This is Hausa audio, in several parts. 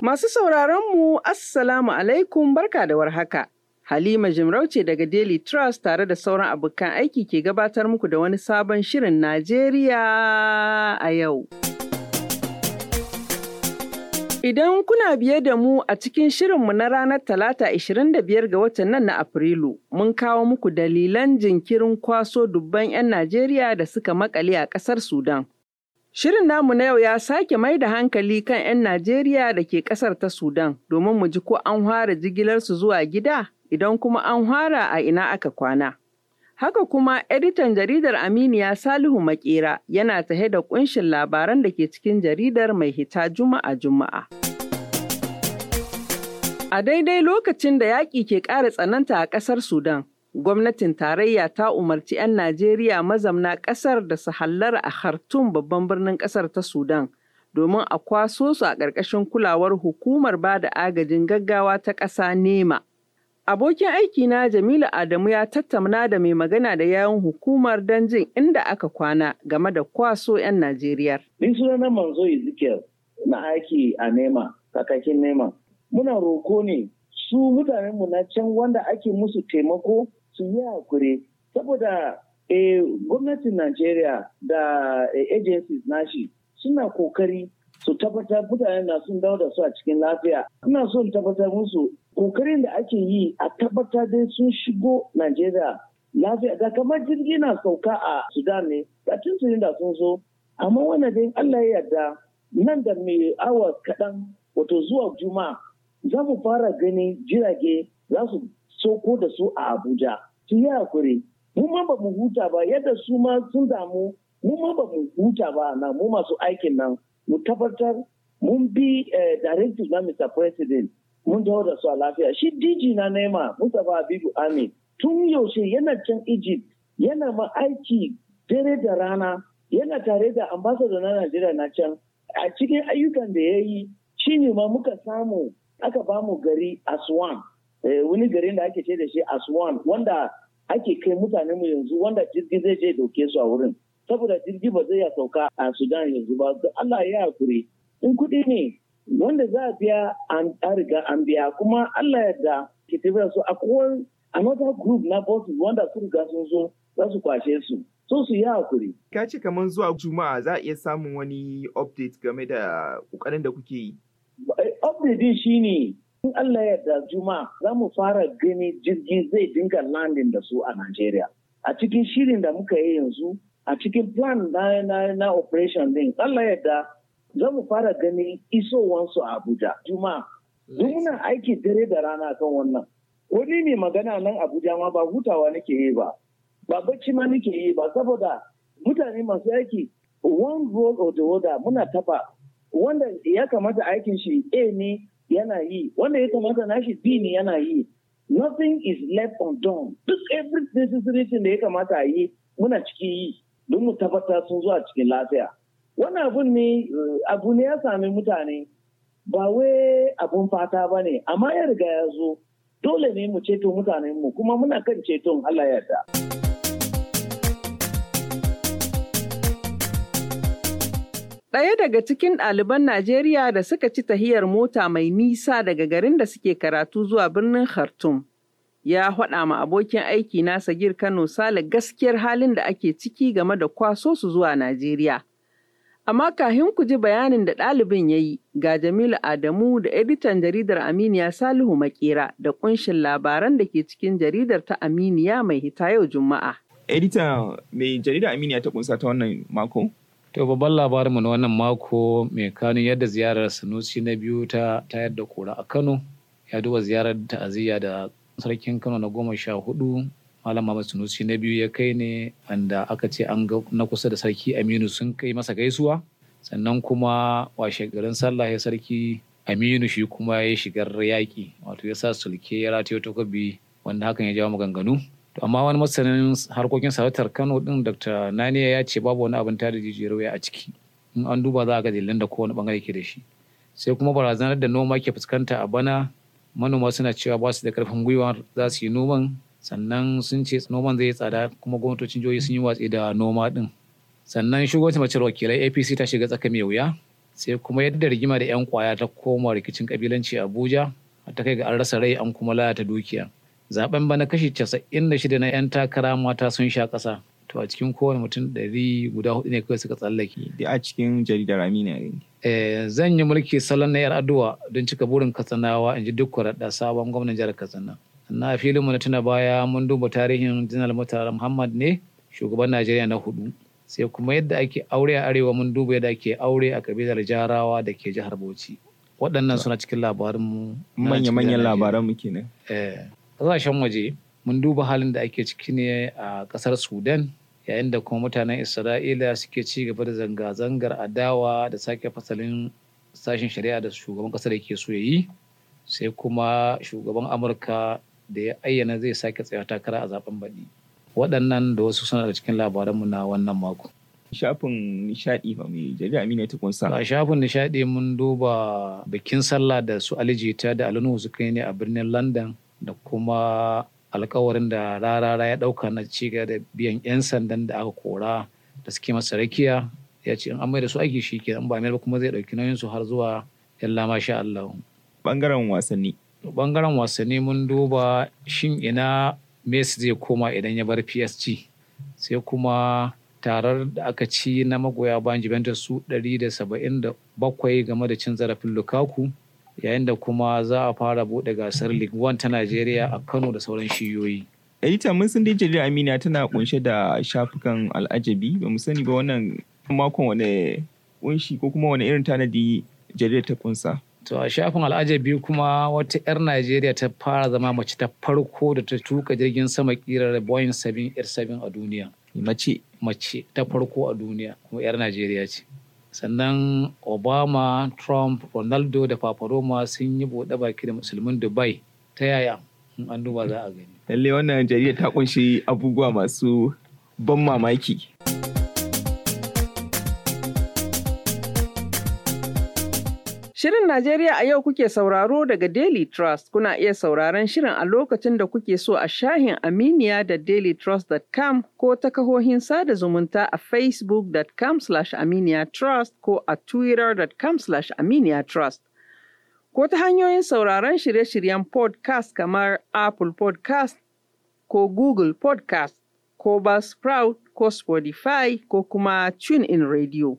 Masu sauraron mu Assalamu alaikum barka da warhaka. Halima Jimarauce daga Daily Trust tare da sauran abokan aiki ke gabatar muku da wani sabon shirin Najeriya a yau. Idan kuna biye da mu a cikin shirinmu na ranar Talata 25 ga watan nan na Afrilu, mun kawo muku dalilan jinkirin kwaso dubban 'yan Najeriya da suka makale a ƙasar Sudan. Shirin namu na yau ya sake mai da hankali kan 'yan Najeriya da ke ƙasar ta Sudan domin mu ji ko an fara jigilarsu zuwa gida idan kuma an fara a ina aka kwana. Haka kuma editan jaridar Aminiya Salihu Makera yana tahe da ƙunshin labaran da ke cikin jaridar mai hita Juma'a Juma'a. A daidai lokacin da yaƙi ke ƙara tsananta a ƙasar Sudan, Gwamnatin tarayya ta umarci 'yan Najeriya mazamna ƙasar da su hallara a Khartoum babban birnin ƙasar ta Sudan domin a kwaso su a ƙarƙashin kulawar hukumar ba da agajin gaggawa ta ƙasa NEMA. Abokin aiki na Jamilu Adamu ya tattauna da mai magana da yawun hukumar don jin inda aka kwana game da kwaso 'yan Najeriya. Ni sunana Manzo Ezekiel na aiki a nema, kakakin nema. Muna roko ne su mutanenmu na can wanda ake musu taimako su yi hakuri saboda eh, gwamnatin Najeriya da eh, agencies nashi suna kokari su tabbatar mutane na sun dawo da su a cikin lafiya. Ina so in tabbatar musu kokarin da ake yi a tabbatar dai sun shigo Najeriya lafiya da kamar jirgi na sauka a Sudan ne da tuntunin da sun zo. Amma wannan dai Allah ya yarda nan da mai awa kaɗan wato zuwa Juma'a za mu fara gani jirage za su soko da su a Abuja. Su yi hakuri, mu ma ba mu huta ba yadda su ma sun damu, mu ma ba mu huta ba na mu masu aikin nan mu tabbatar mun bi eh, directive na Mr. President mun dawo da su a lafiya. Shi DG na nema Mustapha Habibu Amin tun yaushe yana can Egypt yana ma aiki dare da rana yana tare da ambassador na Najeriya na can a cikin ayyukan da ya yi shi ne ma muka samu aka bamu gari Aswan. Eh, wani garin da ake ce da shi aswan wanda ake kai mutane mu yanzu wanda jirgi zai je doke su a wurin saboda jirgi ba zai ya sauka a sudan yanzu ba allah ya hakuri in kuɗi ne wanda za a biya an riga an biya kuma allah yadda ke tafiya su akwai another group na bosses wanda su riga sun zo za su kwashe su so su yi hakuri. Ka ce kamar zuwa Juma'a za a iya samun wani update game da ƙoƙarin da kuke yi? Eh, update shi ne in Allah ya da juma'a za mu fara gani jirgi zai dinga landing da su a Najeriya a cikin shirin da muka yi yanzu a cikin plan na operation din Allah ya da za mu fara gani isowansu a Abuja juma'a duk muna aiki dare da rana kan wannan wani ne magana nan Abuja ma ba hutawa nake yi ba ba bacci ma nake yi ba saboda mutane masu aiki one role or the other muna tafa. wanda ya kamata aikin shi A ne yana yi wanda ya kamata na shi dini yana yi nothing is left undone duk every necessary da ya kamata a yi muna ciki yi don mu tabbata sun zuwa cikin lafiya wannan abun ne eh, abu ne ya sami mutane ba wai abun fata ba ne amma ya riga ya zo dole ne mu ceto mu, kuma muna kan ceton Allah ya yarda. Ɗaya daga cikin ɗaliban Najeriya da suka ci tahiyar mota mai nisa daga garin da suke karatu zuwa birnin Khartoum. Ya haɗa ma abokin aiki nasa Sagir Kano Sale gaskiyar halin da ake ciki game da kwaso su zuwa Najeriya. Amma kahin ku ji bayanin da ɗalibin ya yi ga Jamilu Adamu da editan jaridar Aminiya Salihu Makera da ƙunshin labaran da ke cikin jaridar ta Aminiya mai hita yau Juma'a. Editan mai jaridar Aminiya ta ƙunsa ta wannan mako? To babban labarinmu na wannan mako mai kanun yadda ziyarar Sanusi na biyu ta tayar da kura a Kano ya duba ziyarar ta'aziyya da sarkin Kano na goma sha hudu Malam Muhammad Sanusi na biyu ya kai ne wanda aka ce an ga na kusa da sarki Aminu sun kai masa gaisuwa sannan kuma washe garin sallah ya sarki Aminu shi kuma ya shigar yaƙi wato ya sa sulke ya rataye takobi wanda hakan ya jawo maganganu amma wani masanin harkokin sarautar kano din dr naniya ya ce babu wani abin tada jijiyar a ciki in an duba za a ga dalilin da kowane bangare ke da shi sai kuma barazanar da noma ke fuskanta a bana manoma suna cewa ba su da karfin gwiwa za su yi noman sannan sun ce noman zai yi tsada kuma gwamnatocin jihohi sun yi watsi da noma din sannan shugabancin mace wakilai apc ta shiga tsaka mai wuya sai kuma yadda rigima da yan kwaya ta koma rikicin kabilanci abuja ta kai ga an rasa rai an kuma lalata dukiya zaben bana kashi 96 na 'yan takara mata sun sha kasa to a cikin kowane mutum ɗari guda hudu ne kawai suka tsallake da a cikin jaridar amina ne eh, zan yi mulki salon na yar addu'a don cika burin katsanawa in ji duk kwararda sabon gwamnan jihar katsina na filin mu na tuna baya mun duba tarihin janar mutara muhammad ne shugaban najeriya na hudu sai kuma yadda ake aure a arewa mun duba yadda ake aure a kabilar jarawa da ke jihar bauchi waɗannan suna cikin labarinmu manya-manyan mu kenan eh. Ƙasashen waje mun duba halin da ake ciki ne a ƙasar Sudan yayin da kuma mutanen Isra'ila suke ci gaba da zanga-zangar adawa da sake fasalin sashen shari'a da shugaban ƙasar ke so ya yi sai kuma shugaban Amurka da ya ayyana zai sake tsaya takara a zaben baɗi. Waɗannan da wasu suna da cikin labaranmu na wannan mako. shafin nishaɗi ba mai amina ta kunsa. A shafin nishaɗi mun duba bikin sallah da su alijita da alunu suka yi ne a birnin London da kuma alkawarin da rarara ya ɗauka na ciga da biyan 'yan sandan da aka kora da suke masa rakiya ya ce in an mai da su aiki shi kenan ba ba kuma zai ɗauki nauyin su har zuwa yalla sha Allah. Bangaren wasanni. Bangaren wasanni mun duba shin ina Messi zai koma idan ya bar PSG sai kuma tarar da aka ci na magoya bayan Juventus su 177 game da cin zarafin Lukaku yayin da kuma za a fara bude gasar league one ta najeriya a kano da sauran shiyoyi edita mun san dai jaridar amina tana kunshe da shafukan al'ajabi ba mu sani ba wannan makon wane kunshi ko kuma wane irin tanadi jarida ta kunsa To a shafin al'ajabi kuma wata 'yar Najeriya ta fara zama mace ta farko da ta tuka jirgin sama kirar Boeing 787 a duniya. Mace? Mace ta farko a duniya kuma 'yar Najeriya ce. sannan obama trump ronaldo da paparoma sun yi buɗe baki da musulmin dubai ta yaya in an duba za a gani lallai wannan jarida ta kunshi abubuwa masu ban mamaki Shirin Najeriya a yau kuke sauraro daga Daily Trust. Kuna iya sauraron shirin a lokacin da kuke so a shahin Aminiya da dailytrust.com ko ta kahohin sada zumunta a facebook.com trust ko a twitter.com trust Ko ta hanyoyin sauraron shirye-shiryen podcast kamar Apple podcast ko Google podcast ko Buzzsprout ko Spotify ko kuma TuneIn Radio.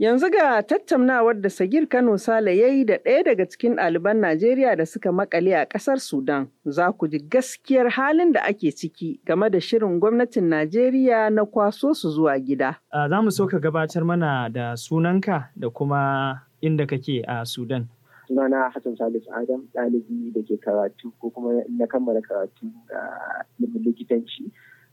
Yanzu ga tattaunawar da Sagir Kano Sale ya yi da ɗaya daga cikin ɗaliban Najeriya da suka makale a ƙasar Sudan. Za ku ji gaskiyar halin da ake ciki game da shirin gwamnatin Najeriya na kwaso su zuwa gida. Za mu so ka gabatar mana da sunanka da kuma inda kake a Sudan. Sunana Hassan Salisu Adam ɗalibi da ke karatu ko kuma na kammala karatu da likitanci.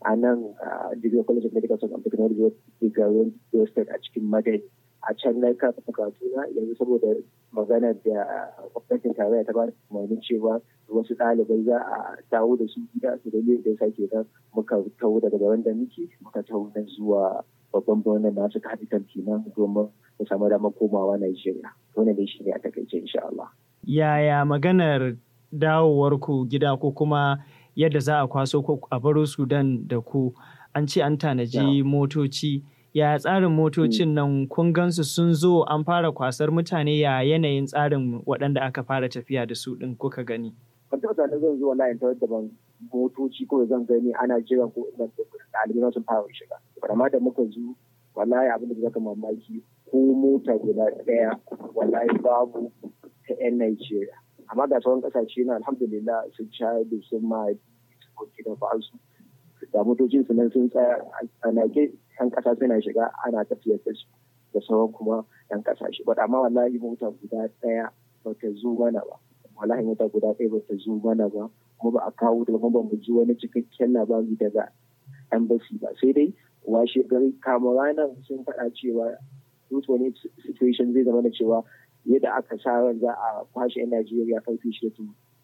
a nan a Jigar College of Medical Science and Technology a cikin magani. a can na kafa bukatu na yanzu saboda magana da gwamnatin tarayya ta da umarnin cewa wasu ɗalibai za a tawo da su gida su da da ya sake nan muka taho daga gaban da muke muka taho nan zuwa babban birnin nasu capital kenan domin mu samu damar komawa Najeriya. Wannan dai shi ne a takaice insha Allah. Yaya maganar dawowarku gida ko kuma yadda za a kwaso ko a baro Sudan da ku an ce an tanaji motoci. ya tsarin motocin hmm. nan kun gansu sun zo an fara kwasar mutane ya yanayin tsarin waɗanda aka fara tafiya da su ɗin kuka gani. Ban taɓa zan zo wallahi ta da ban motoci ko zan gani ana jira ko da ɗalibai sun fara shiga. Amma da muka zo wallahi abin da zaka mamaki ko mota guda ɗaya wallahi babu ta 'yan Najeriya. Amma ga sauran ƙasashe na alhamdulillah sun da sun ma da ba su. Da motocin su nan sun tsaya a nage 'yan ƙasa suna shiga ana tafiyar da su da sauran kuma 'yan ƙasashe ba amma wallahi mota guda ɗaya ba ta zo mana ba wallahi mota guda ɗaya ba ta zo mana ba kuma ba a kawo da kuma ba mu ji wani cikakken labari daga embassy ba sai dai washe gari kama ranar sun faɗa cewa duk wani situation zai zama da cewa yadda aka sa ran za a kwashe 'yan Najeriya karfi shi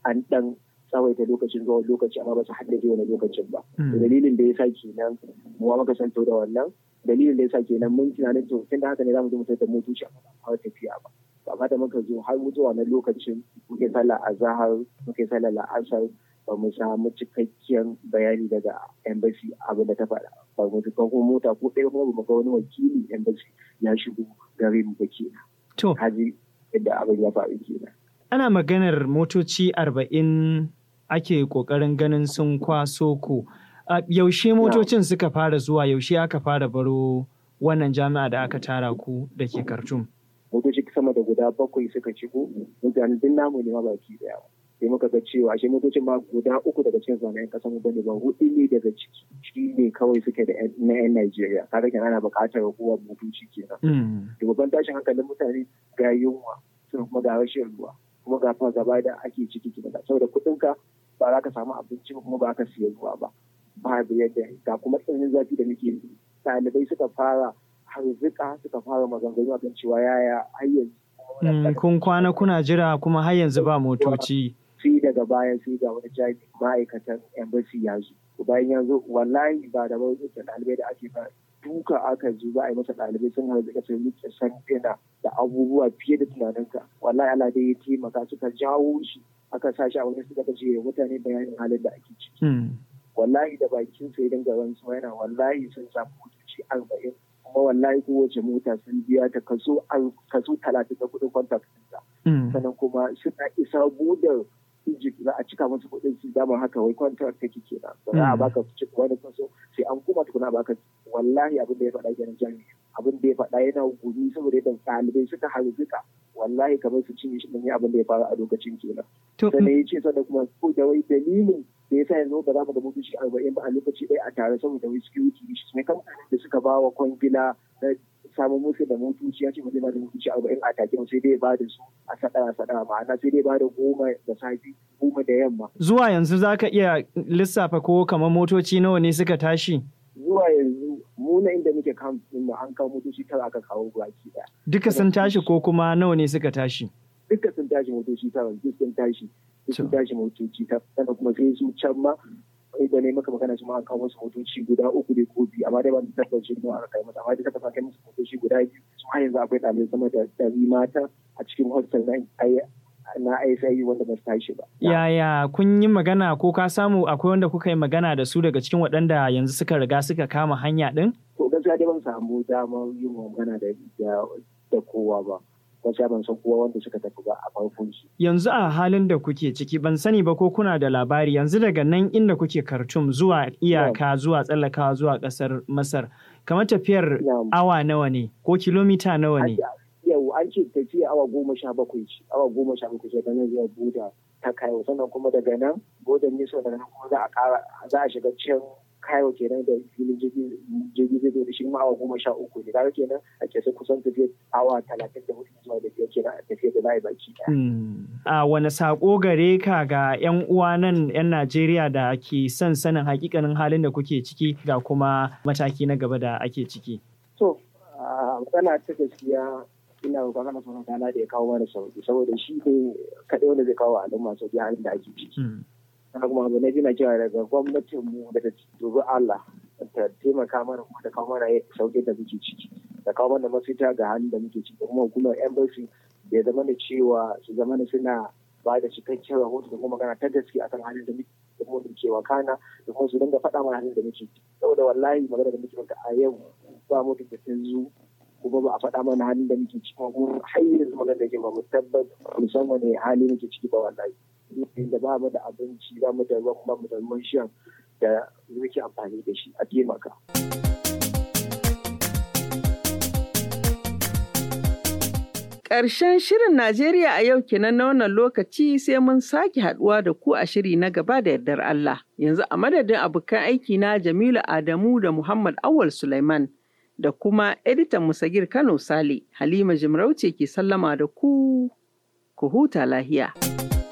an ɗan tsawaita lokacin zuwa lokaci amma ba su haddace wani lokacin ba hmm. dalilin da ya sa kenan mu maka santo da wannan dalilin da ya sa kenan mun tunanin to tun da haka ne za mu zo mu tattara motoci a tafiya ba amma da muka zo har zuwa na lokacin muke sallar azahar muke sallar la'asar ba mu samu cikakken bayani daga embassy abin da ta faɗa ba mu tuka ko mota ko ɗaya kuma ba ga wani wakili embassy ya shigo gare mu ba kenan to haji yadda abin ya faru kenan ana maganar motoci arba'in ake kokarin ganin sun kwaso ku. Yaushe motocin suka fara zuwa yaushe aka fara baro wannan jami'a da aka tara ku da ke Khartoum? Motoci sama da guda bakwai suka shigo, mutane duk namu ne ma baki daya. Sai muka ga cewa ashe motoci ma guda uku daga cikin zanayen kasa mu bane ba hudu ne daga ciki shi ne kawai suke da na 'yan Najeriya. Kaga kenan ana buƙatar kowa motoci kenan. Da hmm. babban tashin hankalin mutane ga yunwa, sun kuma ga rashin ruwa. kuma ga fa gaba da ake ciki kenan saboda kuɗin ka ba za ka samu abinci ba kuma ba ka siya ruwa ba ba da yadda ga kuma tsananin zafi da muke ɗalibai suka fara harzika suka fara maganganu a kan cewa yaya har yanzu. Mm, kun kwana kuna jira kuma har yanzu ba motoci. sai daga baya sai ga wani jami ma'aikatan embassy ya zo bayan ya zo wallahi ba da wani ɗalibai da ake ba. duka aka zo ba a yi masa ɗalibai sun harzika sun rike san da abubuwa fiye da tunaninka wallahi ala dai ya taimaka suka jawo shi aka sa shi a wani su daga je mutane bayanin halin da ake ciki hmm. wallahi da bakin sai gaban su yana wallahi sun samu motoci arba'in kuma wallahi kowace mota sun biya ta kaso talatin da kudin kwantak sannan kuma suna isa budar Egypt za a cika musu kuɗin su dama haka wai kwantar kike kenan ba za a hmm. baka cika wani kaso sai an kuma tukuna baka wallahi abin da ya faɗa kenan jami'in abin da ya faɗa yana guri saboda yadda ɗalibai suka harzuka wallahi kamar su cinye shi ne abin da ya fara a lokacin kenan sannan mm. ya ce sannan kuma ko da wai dalilin da ya sa yanzu ba za mu da motoci arba'in ba a lokaci ɗaya a tare saboda wai security issues ne kan da suka ba wa kwangila na samun musu da motoci ya ce ba zai ba da arba'in a take sai dai ba da su a sadara sadara ma'ana sai dai ba da goma da safi goma da yamma. zuwa yanzu za ka iya lissafa ko kamar motoci nawa ne suka tashi. zuwa yanzu mu na inda muke kamfin mu an kawo motoci tara aka kawo ki daya duka sun tashi ko kuma nawa ne suka tashi duka sun tashi motoci tara duk sun tashi sun tashi motoci tara kuma sai su can ma da ne maka magana su ma an kawo musu motoci guda uku da ko biyu amma dai ba su tabbaci ne aka kai musu amma dai tabbata kai musu motoci guda biyu su ma yanzu akwai ɗalibai sama da ɗari mata a cikin hostel na na wanda ba tashi ba. Yaya kun yi magana ko ka samu akwai wanda kuka yi magana da su daga cikin waɗanda yanzu suka riga suka kama hanya ɗin? To gaskiya dai ban samu damar yin magana da kowa ba. gaskiya ban san kowa wanda suka tafi ba a farkon su. Yanzu a halin da kuke ciki ban sani ba ko kuna da labari yanzu daga nan inda kuke Khartoum zuwa iyaka zuwa tsallakawa zuwa ƙasar Masar. Kamar tafiyar awa nawa ne ko kilomita nawa ne? yau an ce tafiya awa goma sha bakwai ce awa goma sha bakwai ce ta nan zuwa buda ta kayo sannan kuma daga nan ne niso daga nan kuma za a kara za a shiga can kayo kenan da filin jirgin zai zo da shi ma awa goma sha uku ne kaga kenan a kesa kusan tafiya awa talatin da hudu zuwa da biyar kenan a tafiya da layi baki hmm. a wani sako gare ka ga yan uwa nan yan Najeriya da ke son sanin hakikanin halin da kuke ciki ga kuma mataki na gaba da ake ciki. To, matsala ta gaskiya ina roƙon Allah subhanahu ta'ala da ya kawo mana sauki saboda shi ne kaɗai wanda zai kawo al'umma sauki halin da ake ciki hmm. sannan kuma abu na biyu na cewa daga gwamnatin mu da ta dubi Allah ta taimaka mana kuma ta kawo mana sauki da muke ciki da kawo mana mafita ga halin da muke ciki kuma hukumar embassy da ya zama da cewa su zama da suna ba da cikakken rahoto da kuma magana ta gaske akan halin da muke da kuma muke kana da kuma su dinga faɗa mana halin da muke ciki saboda wallahi magana da muke a yau ba mu da zuwa. kuma ba a faɗa mana halin da muke ciki kuma har yanzu magana da ke ba mu tabbatar musamman ne halin muke ciki ba wallahi inda ba mu da abinci ba mu da ruwan ba mu da ruwan da muke amfani da shi a taimaka. Ƙarshen shirin Najeriya a yau kenan na wannan lokaci sai mun sake haɗuwa da ku a shiri na gaba da yardar Allah. Yanzu a madadin abokan aiki na Jamilu Adamu da Muhammad Awal Sulaiman. da kuma editan Musagir Kano Sale, Halima Jimarauce ke sallama da ku, ku huta lahiya.